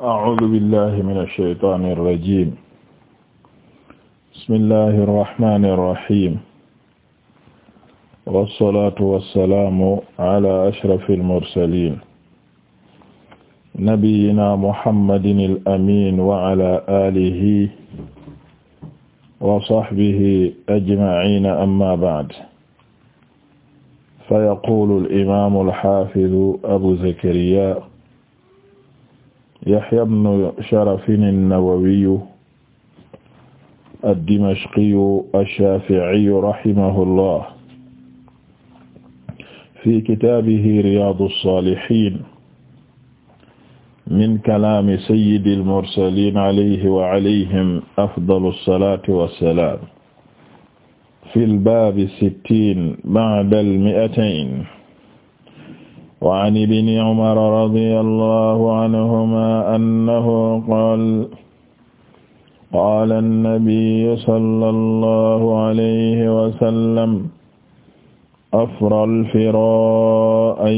أعوذ بالله من الشيطان الرجيم بسم الله الرحمن الرحيم والصلاة والسلام على أشرف المرسلين نبينا محمد الأمين وعلى آله وصحبه أجمعين أما بعد فيقول الإمام الحافظ أبو زكريا يحيى بن شرف النووي الدمشقي الشافعي رحمه الله في كتابه رياض الصالحين من كلام سيد المرسلين عليه وعليهم أفضل الصلاة والسلام في الباب الستين بعد المئتين wa an ibni umar radiyallahu anhuma annahu qaala qaala annabiyyu sallallahu alayhi wa sallam afra al-firaa an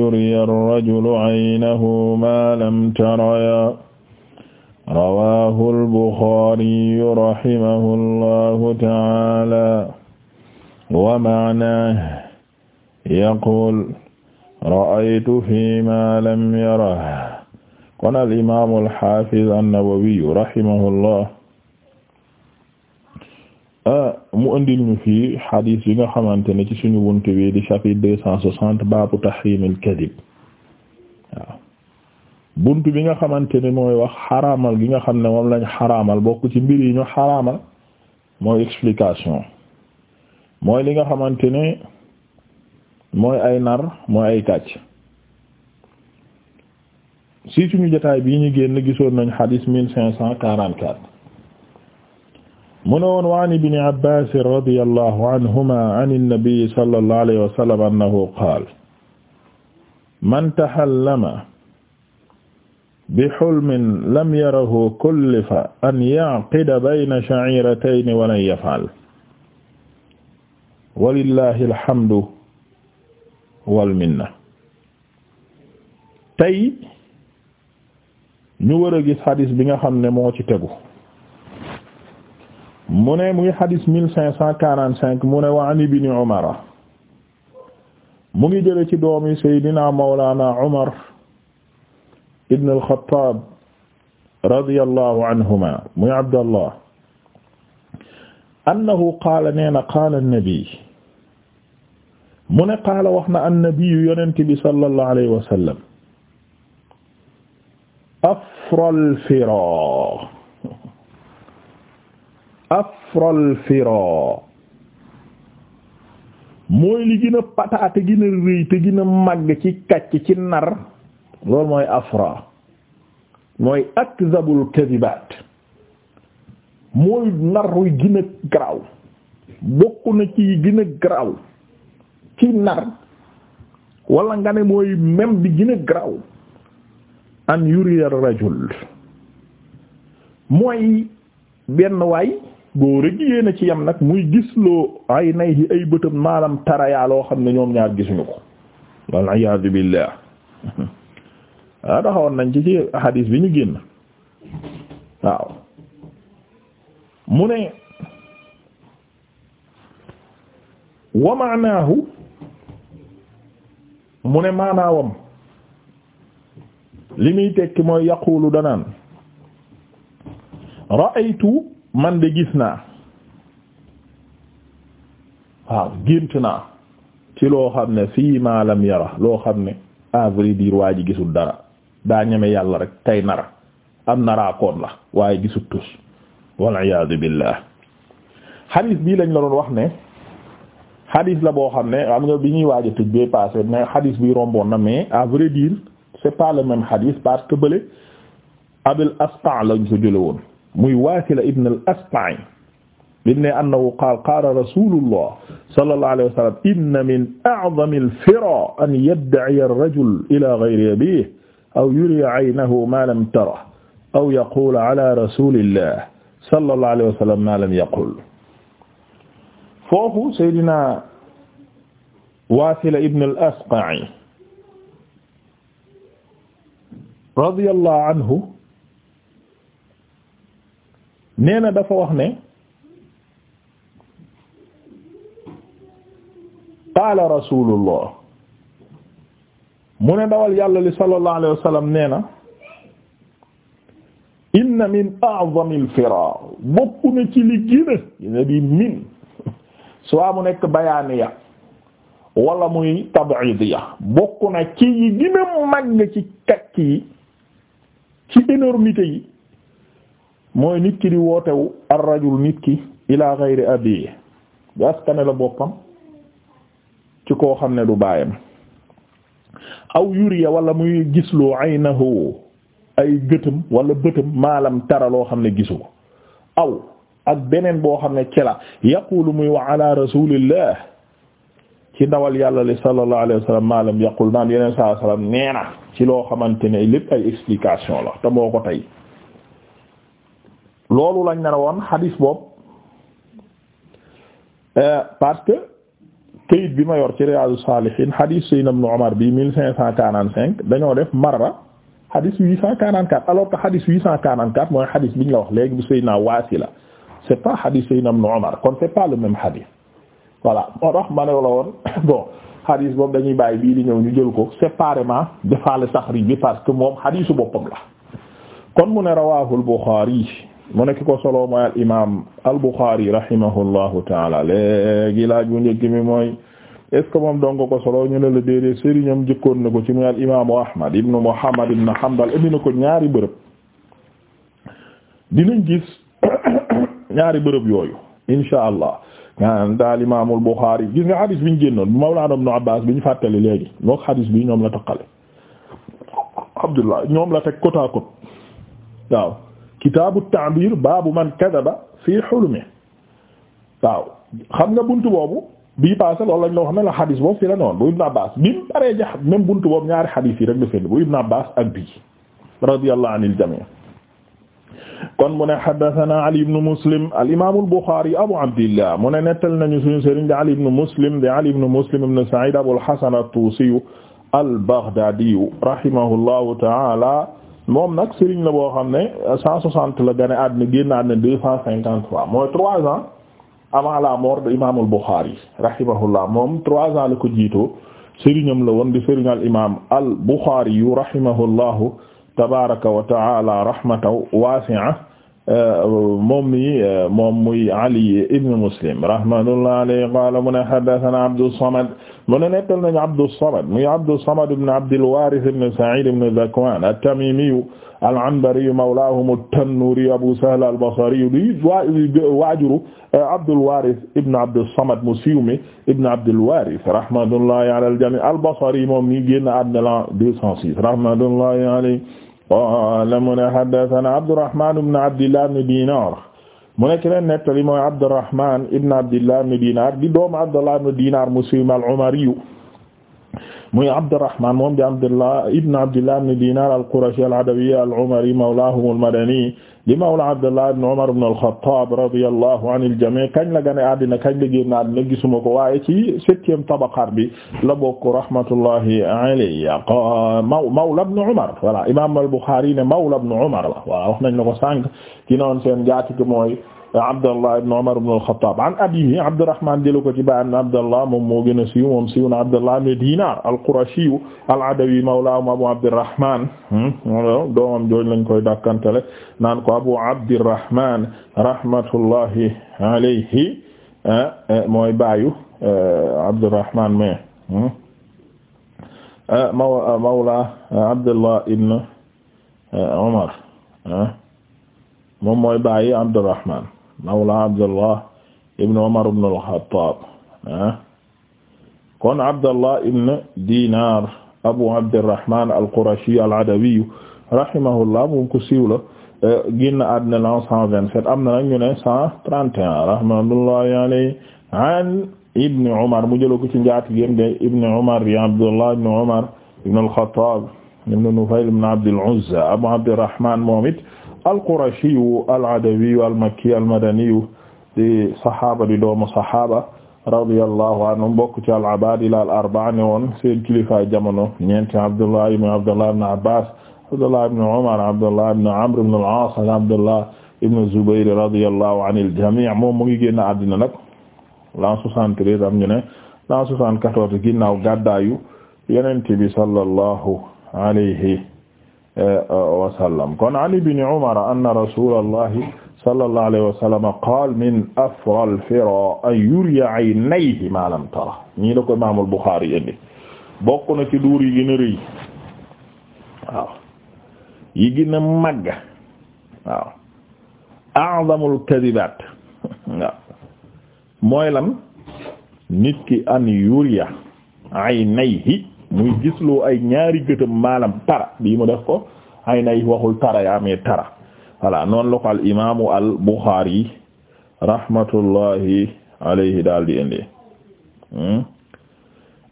yuriya ar-rajulu aynahu maa lam tara rawaahu al-buxaariyyu rahimahullahu ta'aalaa wa ma'naahu yaquulu ra'aytu fi ma lam yara kon al imaam al haafiz an-Nawawi rahimahullah mu andil ñu fii xadis yi nga xamante ne ci suñu wuntu wii di chapitre deux cent soixante kadib waaw buntu bi nga xamante ne mooy wax xaraamal gi nga xam ne moom lañ xaraamal bokk ci mbir yi ñu xaraamal mooy explication mooy li nga xamante mooy ay nar mooy ay kàcc si suñu jotaay bii ñu génn gisoon nañ xadis mille cinq cent quarante quatre mu ne woon wa an ibni abbas radiyallahu anhuma an an-nabi sallallahu alayhi wa sallam annahu qaal man tahallama bi hulmin lam yarahu kullifa an ya'qida bayna sha'iratayn wa lan yaf'al walillahi alhamdu wal minna tey ñu war gis xadis bi nga xam ne moo ci tegu mu ne muy xadis mille cinq cent quarante cinq mu ne wa an ibni umara mu ngi jële ci doomi saydina mawlana umar ibn alxataab radiyallahu anhuma muy abdallah annahu qaala nee na qaala annabi mu ne qaala wax na annabiyu yonent bi sallallahu alayhi wa sallam mooy li gën a pataa te gën a rëy te gën a màgg ci kàcc ci nar loolu mooy afra mooy akzabul kadibaat mooy nar wi gën a garaaw bokk na ci gën a garaaw ci nar wala nga ne mooy même bi gën graw an yuriya rajul mooy benn waay góor a jigéen ci yam nag muy gis loo ay nay yi ay bëtam maalam tarayaa loo xam ne ñoom ñaar gisuñu ko wal iyaadu billah ah, nañ ci ci hadis bi ñu génn waaw mu ne wa mu ne maanaawam li muy tekki mooy yaqulu danaan ra'aytu man de gis naa waaw gént naa ci loo xam ne fii ma lam yara loo xam ne à diir dire waa ji gisul dara daa ñeme yàlla rek tey nara am naraakoon la waaye gisul tus wal iyaadu billah bii lañ la doon wax ne hadith la boo xam ne am nga bi ñuy waaj a tëj bee passé mais hadith bi romboon na mais à vrai dire c'est pas le même hadith parce que bële Abul Asqa' lañ ko jëlee woon muy Wasila ibn al-Asqa' bim ne annahu qaala qaala rasulullah sallallahu alayhi wa sallam inna min a'zami al-fira an yadda'iya ar-rajul ila ghayri abihi aw yuriya 'aynahu ma lam tara aw yaqula ala rasulillah sallallahu alayhi wa sallam ma lam yaqul foofu Seydina Wasila ibn al-Asqa'i radiyallahu anhu nee na dafa wax ne qaala rasulullah mu ne dawal yàlla li sallallahu alayhi wa sallam nee na inna min a'zami al-fira bokk na ci li gëna dina bi min soit mu nekk ya walla muy tabidiya bokk na ci yi gën a ci kakk yi ci énormité yi mooy nit ki di wootewu ar rajul nit ki ila ghayri abi di askane la boppam ci koo xam ne du baayam aw yuriya wala muy gisloo aynahu ay gëtam wala bëtam maalam tara loo xam ne gisu ko aw ak beneen boo xam ne ci la yaqulu muy wa ala rasulillah ci ndawal yàlla li sallallahu alayhi wa sallam maalam yaqul naan yeneen saa sallam nee na ci loo xamante ne lépp ay explication la te moo ko tey loolu lañ ne woon xadiis boobu euh, parce que këyit bi ma yor ci Riyadus Salihin xadiis Sayyidina Ibn Umar bi mille cinq cent quarante cinq dañoo def marra xadiis huit cent quarante quatre alors que xadiis huit cent quarante quatre mooy xadiis biñ la wax léegi bu Sayyidina Waasila c'est pas hadith Seydina Ibn Umar kon c'est pas le même moo tax ma ne la woon bon hadith boobu dañuy bàyyi bii di ñëw ñu jël ko séparément defaale taxrij bi parce que moom hadithu boppam la kon mu ne rawahu al-Bukhari mu nekk ko solo mooy al imam al-Bukhari rahimahullahu taala léegi laaj bu njëkk mi mooy est ce que moom donga ko solo ñu ne la déedee sëriñam jëkkoon na ko ci muy al imamu ahmad ibnu muhammad ibnu hanbal indi na ko ñaari bërëb ñaari bërëb yooyu insha allah gaan daal imaamul Buxaari gis nga xadis bi ñu génnoon Mawlaana Ibnu Abbaas bi ñu fàttali léegi moo xadis bi ñoom la taqale Abdullah ñoom la teg côte à côte waaw kitaabu ta'biir man kadaba fii hulmi waaw xam nga buntu boobu bi passé loolu lañ la la xadis boobu fii la noonu bu Ibnu Abbaas bi mu paree jax même ñaari xadis yi rek kon mu ne haddathana Ali ibn Muslim al-imam al-Bukhari Abu Abdillah mu ne nettal nañu suñu sëriñ di Ali ibn Muslim di Ali ibn Muslim ibn Sa'id Abul Hasan at-Tusi al-Baghdadi rahimahullahu ta'ala moom nag sëriñ la boo xam ne 160 la gane àddina génn àddina 253 mooy 3 ans avant la mort de imam al-Bukhari rahimahullah moom 3 ans la ko jiitoo sëriñam la woon di sëriñ al-imam al-Bukhari rahimahullahu tabaraka wa ta'ala rahmatan wasi'a Euh, moom mi euh, moom muy Ali ibn Muslim rahmatullah alayhi qala mu ne haddathana Abdus Samad mu ne nettal nañu Abdus Samad muy Abdus Samad ibn Abdil Warith ibn Sa'id ibn Dhakwan at-Tamimi al-Anbari mawlahum at-Tannuri Abu Sahl al-Basri di waajuru euh, Abdul Warith ibn Abdus Samad mu siiw mi ibn Abdil Warith rahmatullahi ala al-jami' al-Basri moom mi génn àddina la 206 rahmatullahi alayhi qaala mu ne haddathana Abdurrahman ibn Abdillah ibn Dinar mu ne ki leen nettali mooy Abdurrahman ibn Abdillah ibn Dinar di doomu Abdullah ibn Dinar muslim al-Umari muy Abdurrahman moom di Abdullah ibn Abdillah ibn Dinar al-Qurashi al-Adawi al-Umari mawlahum al-Madani di mawla Abdullah ibn Umar ibn al-Khattab radiyallahu anil jami' kañ la gane àddina kañ la génn àddina gisuma ko waaye ci septième tabaqaat bi la bokk rahmatullahi alayhi mawla ibn Umar voilà imam al-Bukhari ne mawla ibn Umar la waaw wax nañ la ko sànq ci noonu seen jaati mooy Abdallah ibn Umar ibn al-Khattab an abiihi Abdurrahman jëlee ko ci baayam Abdallah moom moo gën a siiw moom siiw na Abdallah ibn Dinar al-Qurashi al-Adawi mawlaahum Abu Abdurrahman doomam jooj lañ koy dàkkantele naan ko Abu Abdurrahman rahmatullahi alayhi mooy baayu Abdurrahman mais mawla Abdallah ibn Umar moom mooy baayu Abdurrahman mawla Abdallah ibn Umar ibn al-Khattab ah. kon Abdallah ibn Dinar Abu Abdirrahman al-Qurashi al-Adawi rahimahullah moom ko siiw la eh, génn àddina la 127 am na nag ñu ne 131 rahmatullahi alayhi an Ibn Umar mu jëloon ko ci njaatigéem de Ibn Umar bi Abdullah ibn Umar ibn al-Khattab ibn Nufayl ibn Abd al-Uzza Abu Abdirrahman moom it al-Qurashiyu al-Adawiyu al di saxaaba di doomu saxaaba radiyallahu anhu mbokk ci al-Abaadila al-arba'a ne woon jamono ñeenti Abdullah ibn Abdullah ibn Abbas Abdullah ibn Umar Abdullah ibn Amr ibn al-As Abdullah ibn Zubayr moom mu ngi génn àddina nag l'an 73 am ñu ne l'an 74 ginnaaw bi sallallahu alayhi wa sallam kon an ibni umara anna rasulallahi sallallahu alayhi wa sallam qaal min afra al-fira an yuriya aynayhi ma lam tara ñii la ko imaamul Buxaari indi bokk na ci duur yi gën a rëy waaw yi gën a màgg waaw a'zamul kadibaat waaw mooy lan nit ki an yuriya aynayhi muy gisloo ay ñaari gëtëm maalam tara bii mu def ko ay nay waxul tara yaa mais tara voilà noonu la ko al imaamu al Bukhari rahmatullahi alayhi daal di indi hmm?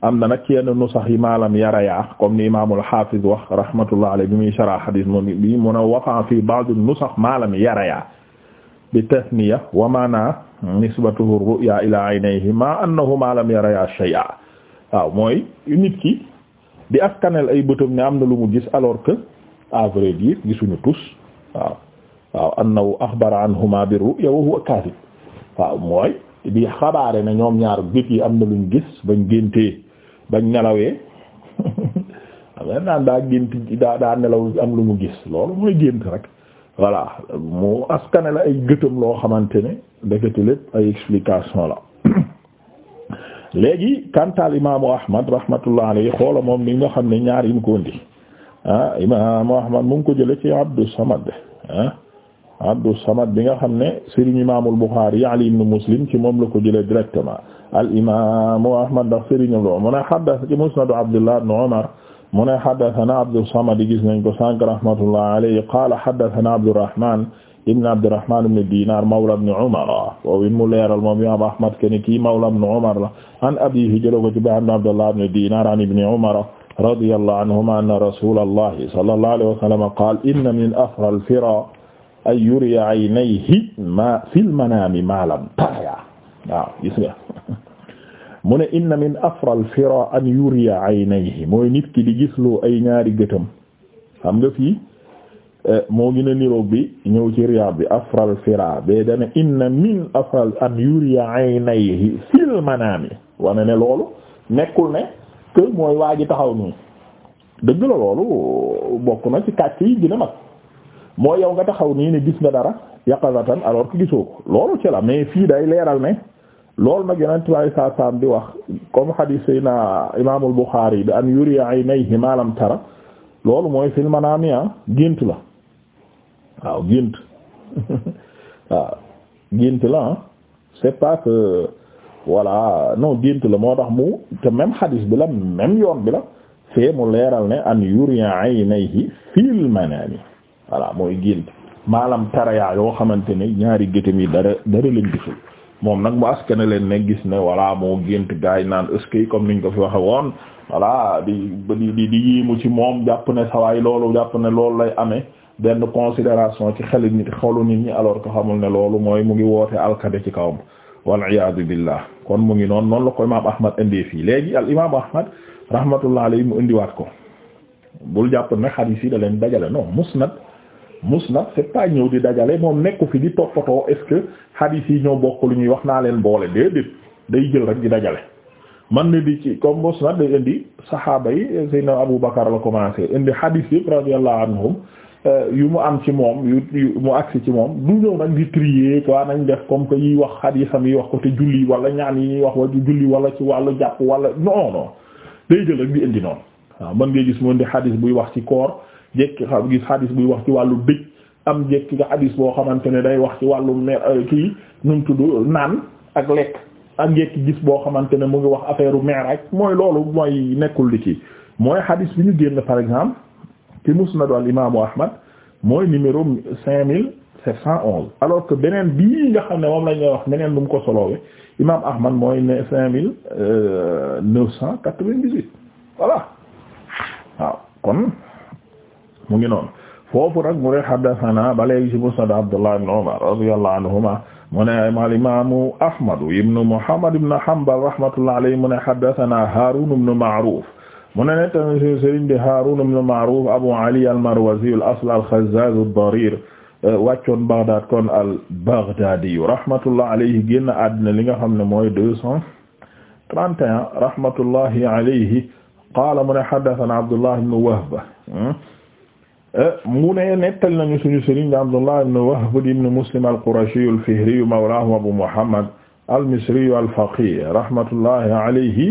am na nag yenn nusax yi maalam yarayaa comme ni imaamul hafiz wax rahmatullah alayhi bi muy sharah hadith moom bi mu ne waqa fi ba'd nusax maalam yarayaa bi tathniya wa maana nisbatuhu ru'ya ila aynayhi ma annahu maalam yarayaa shay'a waaw mooy nit ki di askanel ay bëtam ne am na lu mu gis alors que à gisuñu tous waaw waaw annahu axbara anhuma bi ru'ya wa huwa kadhib waaw mooy di xabaare ne ñoom ñaar bit yi am na luñ gis bañ géntee bañ nelawee am naan daa gént daa daa am lu mu gis loolu mooy gént rek voilà mu askane ay gëtam loo xamante ne ndekete lépp ay explication la léegi kantaal imaamu ahmad rahmatullah alayhi xoola moom ni nga xam ne ñaar yi mu ko indi ah imaamu ahmad mu ngi ko jële ci abdu samad ah abdu samad bi nga xam ne sëriñ imaamul buxaari ali ibn muslim ci moom la ko jële directement al imaamu ahmad ndax sëriñam lo mu ne xaddas ci musnadu abdullah ibn umar mu ne xaddathana abdu samad gis nañ ko sànq rahmatullah alayhi qaala xaddathana abdurrahman ibn Abdurrahman ibn Dinar mawla ibn Umar foofu mu leeral moom imam Ahmad ken kii mawla ibn Umar la an abiihi jëloo ko ci baay Abdullah ibn Dinar an ibn Umar radiyallahu anhuma anna rasulallahi sallallahu alayhi wa sallam qaala inna min afra al-fira an yuriya aynayhi ma fil manaami ma lam taraya waaw gis nga mu ne inna min afra al-fira an yuriya aynayhi mooy nit ki di gisloo ay ñaari gëtam xam nga fii moo gën a niroog bi ñëw ci riyaad bi afral fira bee dana inna min afral an yuriya aynayhi fil manaami wane ne loolu nekkul ne que mooy waa ji taxaw nii dëgg la loolu bokk na ci kàcc yi gën a mag mooy yow nga taxaw nii ne gis nga dara yaqazatan alors que gisoo ko loolu ci la mais fii day leeral ne loolu nag yonent bi saa saam di wax comme hadith sayna imaamul Buxaari bi an yuriya aynayhi ma lam tara loolu mooy fil manaami ah, gént la waaw gént waaw gént la ah c'est pas que voilà non gént la moo tax mu te même xadis bi la même yoon bi la fee mu leeral ne an yuriya aynayhi fil manami voilà mooy gént maalam taraya yoo xamante ni ñaari gétam yi dara dara lañ gisul moom nag mu askane leen ne gis ne voilà moo gént gaay naan ëskey comme niñ ko fi waxe woon voilà di di di mu ci moom jàpp ne sawaay loolu jàpp ne loolu lay amee benn considération ci xelu nit xolu nit ñi alors que xamul ne loolu mooy mu ngi woote alkade ci kawam waliyadu billah kon mu ngi noonu noonu la ko imam ahmad indi fii léegi al imam ahmad rahmatullah alayhi mu indiwaat ko bul jàpp nag xadiis yi da leen dajale non musnad musnad c'est pas ñëw di dajale moom nekku fi di toppatoo est-ce que xadiis yi ñoo bokk lu ñuy wax naa leen boole déedéet day jël rek di dajale man na di ci comme musnad di indi saxaaba yi Abu Bakar la commencé indi xadiis yëpp radiyallahu anhum Euh, yu mu am ci moom yu mu agsi ci moom du ñëw nag di trier quoi nañ def comme que yiy wax xadiisam yi wax ko te julli wala ñaan yi ñuy wax wala julli wala ci wàllu jàpp wala non non day jël ak di indi noonu waaw mën ngay gis mu indi xadiis buy wax ci koor jekki xam gis xadiis buy wax ci wàllu dëj am jekki nga xadiis boo xamante ne day wax ci wàllu mer euh, kii nu tudd naan ak lekk ak jekki gis boo xamante ne mu ngi wax affaire u mer ak mooy loolu mooy nekkul di ci mooy xadiis bi ñu génn par exemple ci musnadu al imaamu mooy numéro cinq mille sept cent onze alors que beneen bii nga xam ne moom lañ wax beneen bu mu ko soloowe imaam Ahmad mooy ne cinq mille euh, neuf cent quatre-vingt-dix-huit voilà waaw kon mu ngi noonu foofu nag mu ne haddathana ba léegi ci musnad Abdullah ibn Umar radiyallahu anhuma mu ne al imaamu Ahmad ibn Muhammad ibn Hanbal rahmatullahi alayhi mu ne haddathana Harun ibn Ma'ruf mu ne nettali sëriñ di Haarun ibn Ma'ruf Abu Ali al-Marwazi al-asl al-Khazzaz ad-Darir eh, wàccoon Baghdad kon al-Baghdadi rahmatullah alayhi génn àddina li nga xam ne mooy deux cent trente et un rahmatullahi alayhi qaala mu ne haddathana Abdullah ibn Wahb hmm? eh, mu ne nettali nañu suñu sëriñ di Abdullah ibn Wahb ibn Muslim al-Qurashi al-Fihri mawlaahu Abu Muhammad al-Misri al-Faqih rahmatullahi alayhi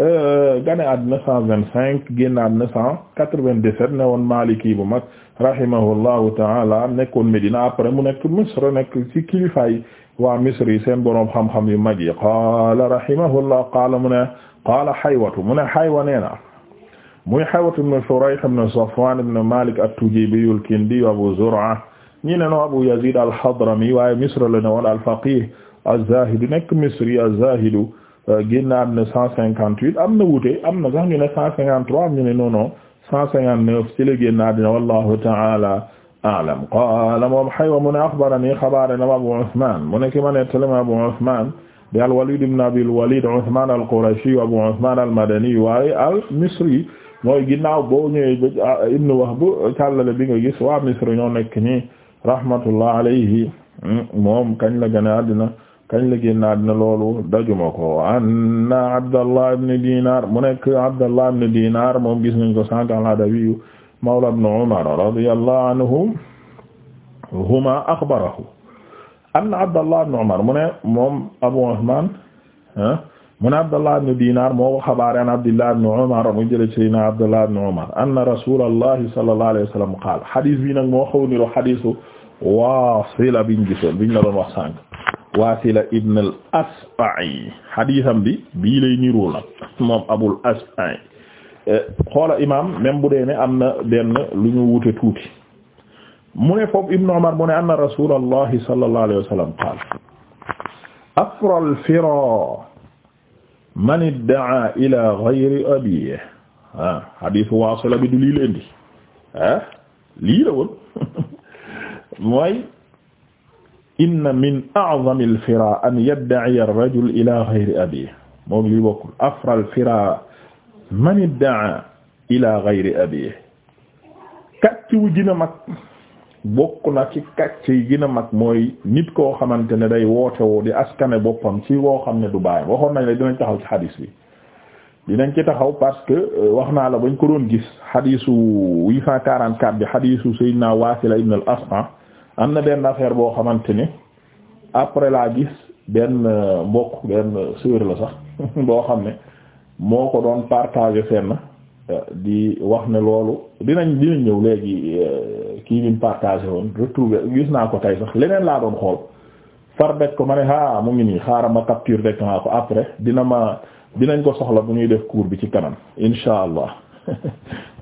Euh, gane àddina cent vingt cinq génn àddina cent quatre-vingt-dix-sept ne woon Maliki bu mag rahimahullahu taala nekkoon Medina après mu nekk Misr nekk ci kilifaay waa Misr yi seen boroom xam-xam yu mag yi qaala rahimahullah qaala mu ne qaala Haywatu mu ne Haywa nee na muy Haywatu ibn Shurayh ibn Safwan ibn Malik at-Tujibi al-Kindi Abu Zur'a ñi ne no Abu Yazid al-Hadrami waaye Misr la ne woon al-faqih az-Zahid nekk Misri az-Zahid Euh, génn àdduna cent cinquante huit am na wuute am na sax ñu ne cent cinquante trois ñu ne non non cent cinquante neuf ci la génn àdduna wallahu ta'ala a'lam qaala moom xaywa mu ne axbarani xabaare na Abu Usmaan mu ne ki ma nettali ma Abu Usmaan di al-Waliid ibn Abil Waliid Usmaan al-Qurashi Abu Usmaan al-Madani waaye al-Misri mooy ginnaaw boo ñëwee ba ah, Ibn Wahb càllale bi nga gis waa Misri ñoo nekk nii rahmatullah alayhi mm, moom kañ la gën a àdduna kañ la génn àddina loolu dajuma ko anna Abdallah ibn Dinar mu nekk Abdallah ibn Dinar moom gis nañ ko sànq al-Adawi mawla ibn Umar radiyallahu anhum huma akhbarahu anna Abdallah ibn Umar mu ne moom Abu Usman ah, mu ne Abdallah ibn Dinar moo ko xabaare an Abdallah ibn Umar mu jële ci na Abdallah ibn Umar anna Rasulullahi sallallahu alayhi wa sallam qaala xadis bi nag moo xaw niro xadisu Waasila biñ gisoon biñ la doon wax sànq Wasila ibn al-Asba'i xadiisam bi bii lay niru nag moom Abul Asba'i eh, xoola bu dee ne am na benn lu ñu mu ne foofu Ibn Umar mu ne anna Rasulullahi sallallahu alayhi wa sallam qaala afra al man idda'a ila ghayri abiihi ah xadiisu Wasila bi du lii la indi ah lii inna min a'zami al-fira an yadda'iya ar-rajul ila ghayri abihi moom li bokkul afra al man idda'a ila ghayri abihi kàcc wu gën a mag bokk na ci kàcc yi gën a mag mooy nit koo xamante ne day woote woo di askane boppam ci woo xam ne du bàyyi waxoon nañ la dinañ taxaw ci xadiis bi dinañ ci taxaw parce que euh, wax naa la bañ ko doon gis xadiisu 844 bi xadiisu Sayyidina Wasila ibn al-Asqa am na den affaire boo xamante ni après laa gis benn euh, mbokk benn euh, sœur la sax boo xam ne moo ko doon partager na euh, di wax ne loolu dinañ dinañ ñëw léegi kii bi mu partagé woon retrouvé gis naa ko tey sax leneen laa doon xool far daj ko ma ne ah mu ngi nii xaaral ma capture rek naa ko après dina ma dinañ ko soxla bu ñuy def cours bi ci kanam insha allah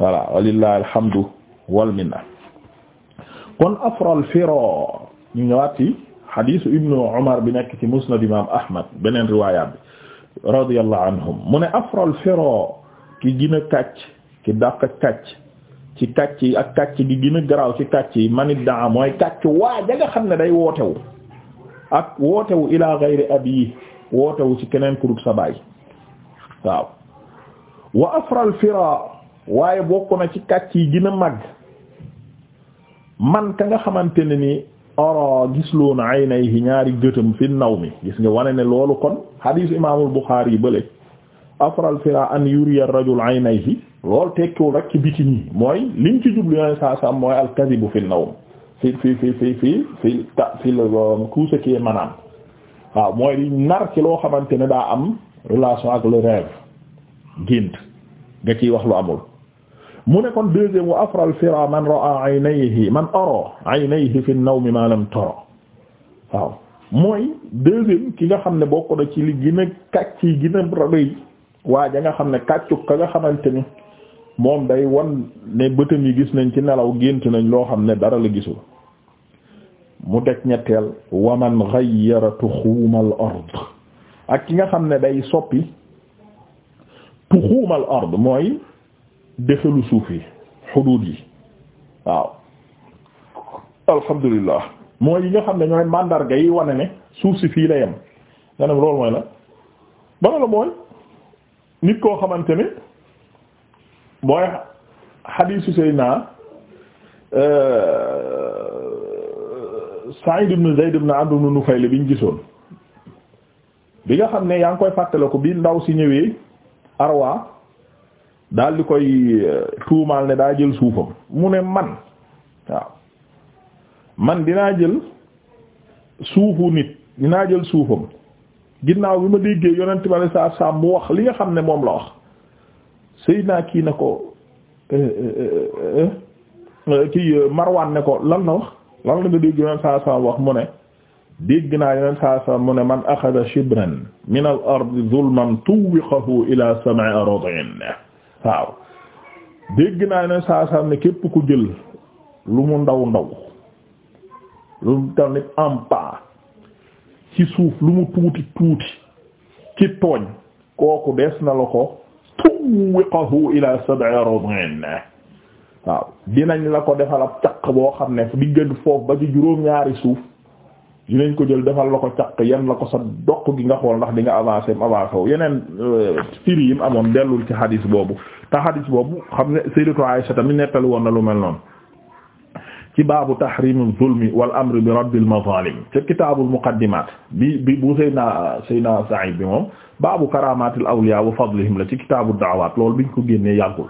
voilà walillahi alhamdu wal minna kon afral fira ñu ñëwaat ci xadiisu ibnu Umar bi nekk ci musnad imam Ahmad beneen riwaayaat bi radiyallahu anhum mu ne afral fira ki gën a kàcc ki dàq kàcc ci kàcc ak kàcc gi gina garaaw ci kàcc yi manit daa mooy kàcc waa ja nga xam ne day wootewu ak wootewu ilaa gayri abi wootewu ci keneen ku dul sa waaw wa afral fira waaye bokk na ci kàcc yi gën a man ka nga xamante ne ni ara gisloon aynayhi ñaari gëtëm fi naw mi gis nga wane ne loolu kon hadith imaamul Bukhari yi bële afral fira an yuriya rajul aynayhi loolu tekkiwul rek ci biti mooy liñ ci jublu yoneen saa sam mooy alkadibu fi nawm fi fi fi fi fi fi ta fi um, tout ce waaw mooy nar ci loo xamante ne daa am relation ak le rêve gént nga ciy wax lu amul mu ne kon deuxième wa afral fira man raa aynayhi man ara aynayhi fi an-nawm ma lam waaw mooy deuxième ki nga xam ne bokk na ci li gën a kàcc yi gën rëy waa ja nga xam ne kàccu ka nga xamante ni moom day wan ne bëtam yi gis nañ ci nelaw gént nañ loo xam ne dara la gisul mu deg ñetteel wa man ghayyara tuxuumal ard ak ki nga xam ne day soppi tuxuumal ard mooy dexalu suuf yi xuduud yi waaw alhamdulilah mooy yi nga xam ne ñooy mandarga yi wane ne suuf si fii la yem nga ne loolu mooy la bana la mooy nit koo xamante ne mooy xadiisu Seydina euh, Sa'id ibn Zayd ibn Amr ibn Nufayl biñ gisoon bi nga xam ne yaa ngi koy fàttale ko bi ndaw si ñëwee Arwa daal di koy euh, tuumaal ne daa jël suufam mu ne man waaw man dinaa jël suufu nit dinaa jël suufam ginnaaw bi ma déggee yonent bi sallallahu alayhi wasallam mu wax li nga xam ne moom la wax naa kii na ko euh, euh, kii Marwan ne ko lan na wax lan la nga dégg yonent sallallahu alayhi wasallam wax mu ne dégg naa yonent sallallahu alayhi mu ne man axada shibran min al-ardi zulman tuwiqahu ila sam'i aradin waaw dégg naa ne saa saa ne képp ku jël lu mu ndaw ndaw lu mu tamit am paa ci suuf lu mu tuuti tuuti ci tooñ kooku des na la ko tuwiqahu ila sab'i radin waaw dinañ la ko defal ab caq boo xam ne diggante foofu ba ci juróom-ñaari suuf dinañ ko jël defal la ko caq yan la ko sa doq gi nga xool ndax di nga avancé mu avancé wu yeneen euh, firi yim amoon dellul ci xadis boobu te boobu xam ne sayyidatu Aisha tamit nettali woon na lu mel noon ci baabu tahrimi zulmi wal amri bi rabbil mazalim ci kitaabul muqaddimat bi bi bu sayna sayna Sa'id bi moom baabu karamatil awliya wa fadlihim la ci kitaabu da'awat loolu biñ ko génnee yàggul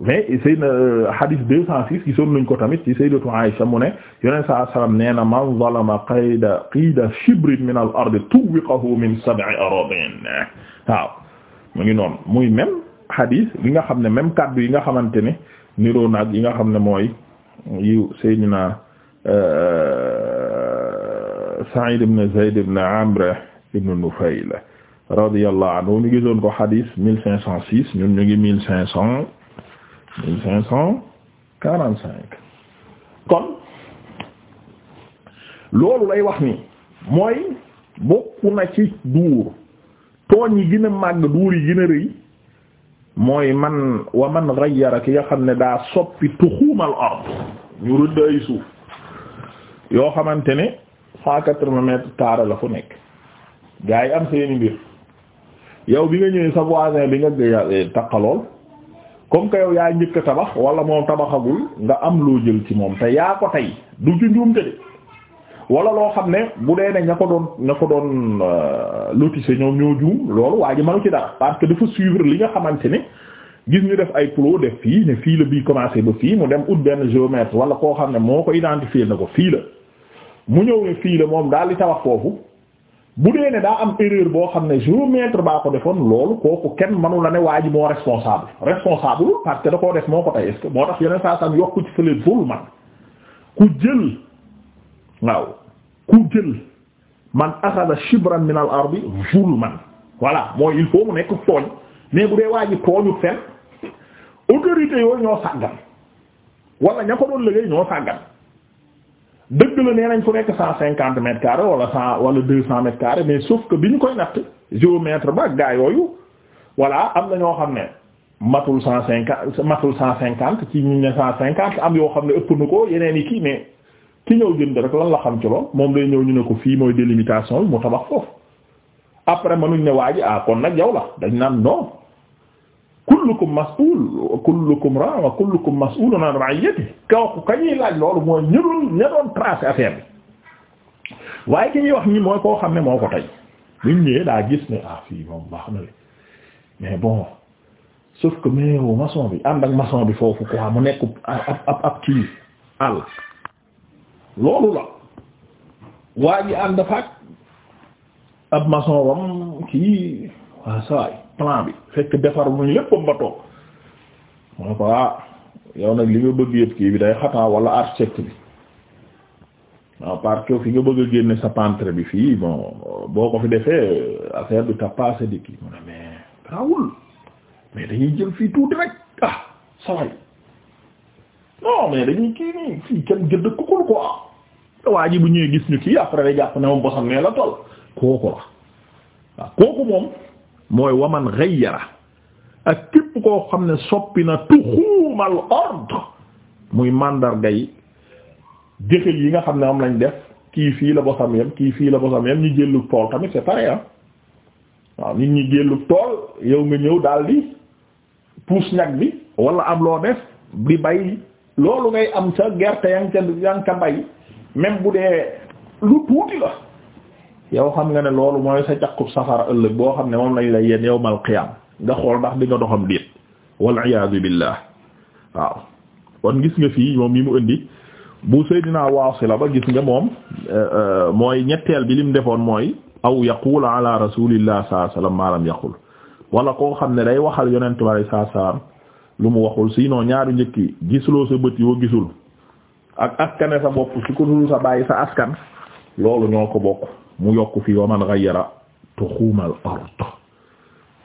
mais saydna na euh, deux cent six gisoon nañ ko tamit ci sayyidatu Aisha mu ne yoneen saa sallam nee na man zalama qayda qiida shibrin min al ard min sab'i aradin waaw mu ngi noon muy même hadith li nga xam ne même kaddu yi nga xamante ne niroo naag yi nga xam ne mooy yu sayyidina euh, Sa'id ibn Zayd ibn Amr ibn Nufayl radiyallahu anhu ñu gisoon ko hadith mille cinq cent six ñun ñu ngi mille cinq quarante cinq kon loolu lay wax ni mooy bokk na ci duur tooñ yi gën a màgg duur yi gën a rëy mooy man wa man ghayyara ki nga xam ne daa soppi tuxuumal ard ñu rëdd ay suuf yoo xamante ne cent quatre-vingts taara la fu nekk gaa yi am seeni mbir yow bi nga ñëwee sa voisin bi nga eh, taqalool comme que yow yaa njëkk a tabax wala moom tabaxagul nga am loo jël ci moom te yaa ko tey du ci njuumte de wala loo xam ne bu dee ne ña ko doon ña ko doon euh, lotissé ñoom ñoo juum loolu waa ji mënu ci dara parce que dafa suivre li nga xamante ne gis ñu def ay plo def fii ne fii la bii commencé ba fii mu dem ut benn géomètre wala koo xam ne moo ko identifié na ko fii la mu ñëw ne fii la moom daal di tabax foofu bu dee ne daa am erreur boo xam ne géomètre baa ko defoon loolu kooku kenn manu la ne waa ji moo responsable responsable parce que da koo def moo ko tey est-ce que moo tax yeneen saa sam yokku ci fële zulman ku jël waaw ku jël man axada shibran min al ardi zulman voilà mooy il faut mu nekk tooñ mais bu dee waa ji tooñut fen autorité yooyu ñoo sàggan wala ña ko doon liggéey ñoo sàggan dëgg la nee nañ fu nekk cent cinquante mètres carrés wala cent wala deux cent mètres carrés mais sauf que bi ñu koy natt géomètre ba ak gaa yooyu voilà am na ñoo xam ne matul cent cinquante matul cent cinquante ci ñu ne cent cinquante am yoo xam ne ëpp na ko yeneen yi kii mais ki ñëw jënd rek lan la xam ci lool moom lay ñëw ñu ne ko fii mooy délimitation bi mu tabax foofu après mënuñ ne waa ji ah, kon nag yow la dañ naan non. kullukum mas'ul kullukum ra' wa kullukum mas'ulun an ra'iyyatihi kooku kañuy laaj loolu mooy ñëwul ña doon tracé affaire bi waaye ki ñuy wax ñi mooy koo xam ne moo ko tey bu ñëwee daa gis ne ah fii moom baax na le mais bon sauf ko mais maçon bi ànd ak maçon bi foofu quoi mu nekk ab ab ab kii àll loolu la waa ji ànd faak ab maçon wam kii waa saay plan bi fekk defar luñu léppam ba toog mu ne ko ah yow nag li nga bëgg yëpp kii bi day xataa wala architecte bi waaw ah, parce que fi nga bëgg a génne sa pentre bi fii bon boo ko fi defee affaire bi ta passé di kii mu mais rawul mais dañuy jël fii tuuti rek ah saway non mais dañuy kii nii fii kenn gëdd kukul quoi waa ji bu ñëwee gis ñu kii après a jàpp ne moom bosam nee la toll kooku la waaw ah, kooku moom mooy waman ghayyara ak képp koo xam ne soppi na tuxuumal ordre muy màndarga yi jëxel yi nga xam ne am lañ def kii fii la bosam yem kii fii la bosam yem ñu jëllu tool tamit c'est pareil ah waaw nit ñi jëllu tool yow nga ñëw daal di puus ñag bi wala am loo def di bay loolu ngay am ca gerte yang ca yang bay même bu dee lu tuuti la yow xam nga ne loolu mooy sa caqub safara ëllëg boo xam ne moom lañ lay yéen yawmal qiyaam nga xool ndax di nga doxam déet wal waaw kon gis nga fii moom mi mu indi bu Seydina Waasila ba gis nga moom euh, euh, mooy ñetteel bi lim defoon mooy aw yaqul ala rasulillah sallallahu alayhi wasallam ma lam yaqul wala koo xam ne day waxal yonent bi alayhi lu mu waxul sinon ñaari njëkk yi gisuloo sa bët yoo gisul ak askane sa bopp su ko dul sa bàyyi sa askan loolu ñoo ko bokk. mu yokk fi wa man yara tuxumal ard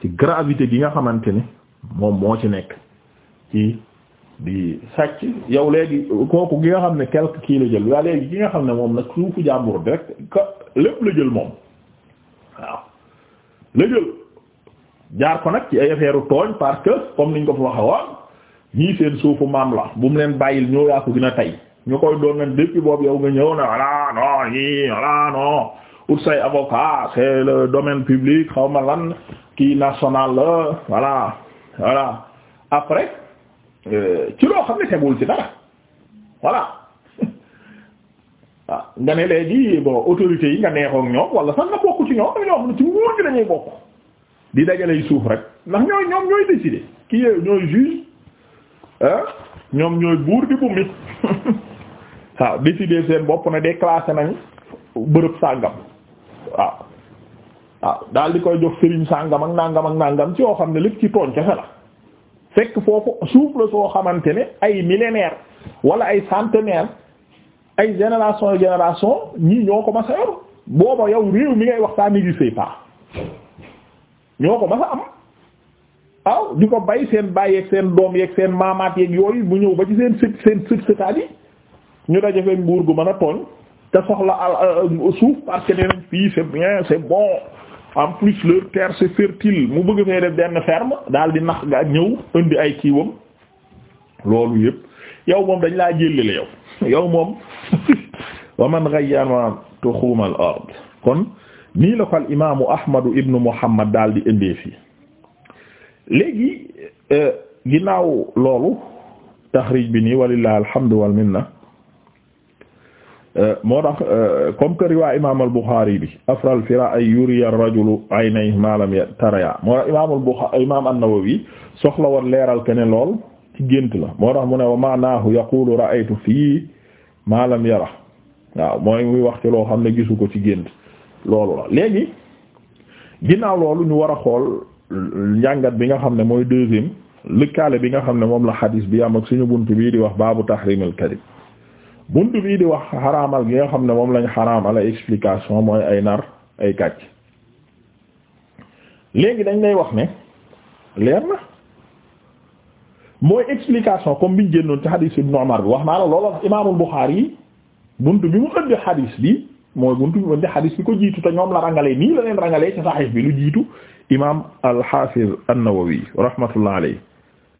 ci gravité gi nga xamante ni moom moo ci nekk ci di sàcc yow léegi kooku gi nga xam ne quelque kii la jël waaye léegi gi nga xam ne moom nag suufu jàmbur direct ka lépp la jël moom waaw la jël jaar ko nag ci ay affaire tooñ parce que comme niñ ko fa waxe woon ñii seen suufu maam la bu mu leen bàyyil ñoo yaa ko gën tey ñu koy doon nag depuis boobu yow nga ñëw ne voilà non ñii ut say avocat c'est le domaine public xaw ma lan kii national la voilà voilà après euh, ci loo xam ne tegul ci dara voilà ah, nga ne léegi bon autorités yi nga neexook ñoom wala sax nga bokk ci ñoom ñoo xam ne ci nguur gi dañuy bokk di dajalay suuf rek ndax ñooy ñoom ñooy décider kii ñooy juge ah ñoom ñooy buur di bu mi waaw décider seen bopp na déclassé nañu bërëb sàngam waaw waaw daal di koy jox sëriñ sàngam ak nàngam ak nàngam ci yoo xam ne lépp ci tooñ kese la fekk foofu suuf la soo xamante ne ay millénaire wala ay centenaire ay génération génération ñii ñoo ko mas a yor booba yow réew mi ngay waxtaan gisee pas ñoo ko ma a am waaw di ko bay seen baay yeeg seen doom yeeg seen maamaat yeeg yooyu mu ñëw ba ci seen sët seen sët sëtaat yi ñu daje feen buur gu mën a tooñ te soxla euh, suuf parce que nee nañ fii c'est bien c'est bon en plus leur terre c'est fertile mu bëgg fee def benn ferme daal di nax nga ñëw indi ay kiiwam loolu yëpp yow moom dañ laa jëlile yow yow moom wa man ghayyama tuxuma al ard kon nii la ko al imaamu ahmadu ibnu muhammad daal di indee fii léegi euh, ginnaaw loolu taxrij bi nii walillahi alhamdu wal minna Euh, moo tax euh, comme que waa imaam al-Bukhari bi afral fira ay yuriya ar-rajulu aynayhi ma lam taraya moo tax imaam al-Bukhari imaam an-Nawawi soxla woon leeral ke lool ci gént la moo tax mu ne wa maanaahu yaqulu ra'aytu fii ma lam yara waaw mooy muy wax ci loo xam ne gisu ko ci gént loolu la léegi ginnaaw loolu ñu war a xool njàngat bi nga xam ne mooy deuxième lëkkaale bi nga xam ne moom la xadiis bi am ak suñu bunt bii di wax baabu tahrimil kadib bunt bii di wax xaraamal gi nga xam ne moom lañu xaraamal ay explication mooy ay nar ay kàcc léegi dañ lay wax ne leer na mooy explication comme biñ génnoon ci hadith Ibn Umar bi wax naa la loolu wax Imaamul Buxaari yi buntu bi mu ëndi hadith bi mooy buntu bi mu ëndi hadith bi ko jiitu te ñoom la rangalee nii la leen rangalee ci Sahih bi lu jiitu imaam al-Hafiz An-Nawawi